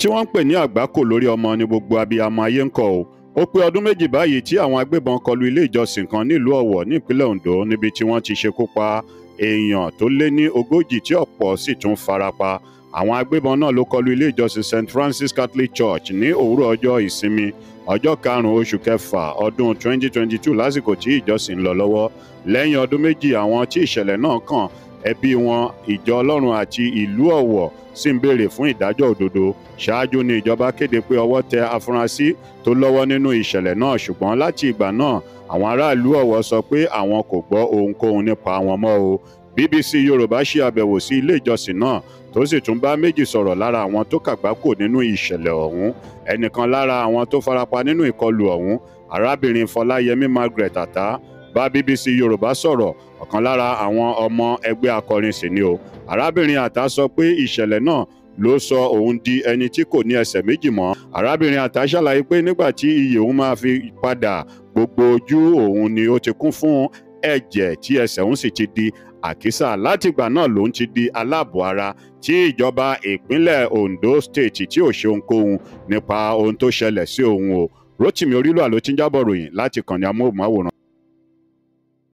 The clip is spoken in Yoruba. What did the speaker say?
tí wọ́n ń pè ní àgbákò lórí ọmọ ni gbogbo abiyamọ ayé ń kọ o ó pé ọdún méjì báyìí tí àwọn agbébọn kọlu ilé ìjọsìn kan nílùú Ọ̀wọ̀ nípínlẹ̀ Ondo níbi tí wọ́n ti ṣekú pa èèyàn tó lé ní ogójì tí ọ̀pọ̀ sì tún farapa àwọn agbébọn náà ló kọlu ilé ìjọsìn St Francis Catholic Church ní òwúrọ̀ ọjọ́ ìsinmi ọjọ́ karùn-ún oṣù kẹfà ọdún 2022 lásìkò tí ìjọsìn ń lọ lọ́wọ́ lẹ́yìn ọdún méjì àwọn tí ìṣẹ̀lẹ̀ náà kàn ẹbí wọn ìjọ ọlọ́run àti ìlú ọ̀wọ̀ sì ń béèrè fún ìdájọ́ òdodo ṣáájú ni ìjọba kéde pé ọwọ́ tẹ afurasí tó lọ́wọ́ nínú ìṣẹ̀lẹ̀ náà ṣùgbọ́n láti ìgbà náà àwọn aráàlú ọ̀wọ̀ sọ pé àwọn kò gbọ́ ohunkóhun nípa wọn mọ́ o BBC Yorùbá ṣe àbẹ̀wò sí ilé ìjọsìn náà tó sì tún bá méjì sọ̀rọ̀ lára àwọn tó kàgbákò nínú ìṣẹ̀lẹ̀ ọ̀hún ẹnìkan lára àwọn tó farapa nínú ìkọlù ọ̀hún arábìnrin Fọláyẹmí Margaret Ata bá BBC Yorùbá sọ̀rọ̀ ọ̀kan lára àwọn ọmọ ẹgbẹ́ akọrin sì ni o arábìnrin àtà sọ pé ìṣẹ̀lẹ̀ náà ló sọ òun di ẹni tí kò ní ẹsẹ̀ méjì mọ́ arábìnrin àtà ṣàlàyé pé nígbà tí iyè òun máa fi padà gbogbo ojú òun ni ó ti kún fún ẹ̀jẹ̀ tí ẹsẹ̀ òun sì ti di àkísà látìgbà náà lòun ti di aláàbọ̀ ara tí ìjọba ìpínlẹ̀ Ondo State tí ò ṣe ohunkóhun nípa ohun tó ṣẹlẹ̀ sí òun o Rótìmí Orílùwà ló ti ń jábọ̀ ròyìn láti kàn ní amóhùnmáwòrán.